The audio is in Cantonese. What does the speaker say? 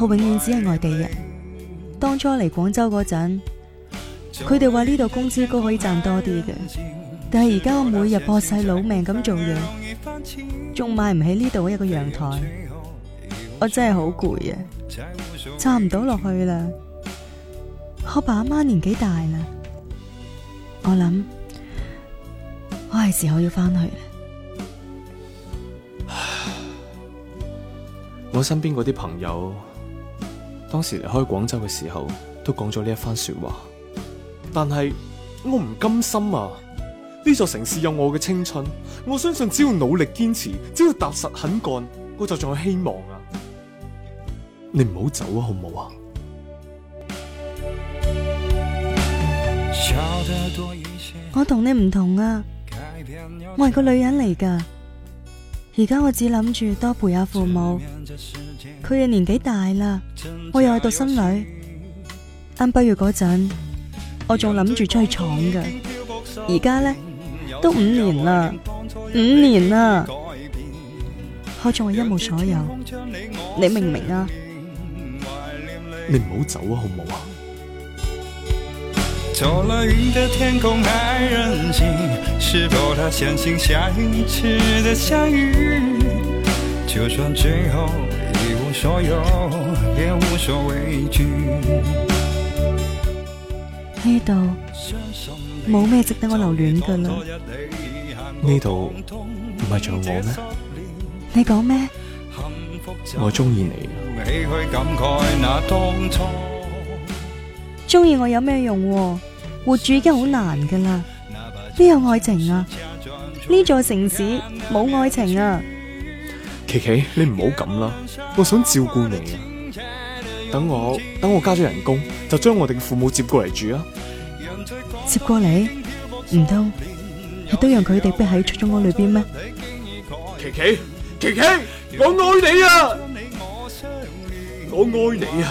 我永遠只係外地人。當初嚟廣州嗰陣，佢哋話呢度工資高，可以賺多啲嘅。但係而家我每日搏晒老命咁做嘢，仲買唔起呢度一個陽台。我真係好攰啊，撐唔到落去啦。我爸阿媽年紀大啦，我諗我係時候要翻去。我身邊嗰啲朋友。當時離開廣州嘅時候，都講咗呢一番說話。但係我唔甘心啊！呢座城市有我嘅青春，我相信只要努力堅持，只要踏實肯幹，我就仲有希望啊！你唔好走啊，好唔好啊？我同你唔同啊，我係個女人嚟㗎。而家我只諗住多陪下父母，佢嘅年紀大啦，我又係獨生女。啱畢業嗰陣，我仲諗住出去闖噶，而家咧都五年啦，五年啦，我仲係一無所有，你明唔明啊？你唔好走啊，好唔好啊？呢度冇咩值得我留戀噶啦。呢度唔係仲有我咩？你講咩？我中意你。中意我有咩用啊？活住已經好難噶啦，邊有愛情啊？呢座城市冇愛情啊！琪琪，你唔好咁啦，我想照顧你。等我等我加咗人工，就將我哋嘅父母接過嚟住啊！接過嚟？唔通亦都讓佢哋逼喺出租屋裏邊咩？琪琪，琪琪，我愛你啊！我愛你啊！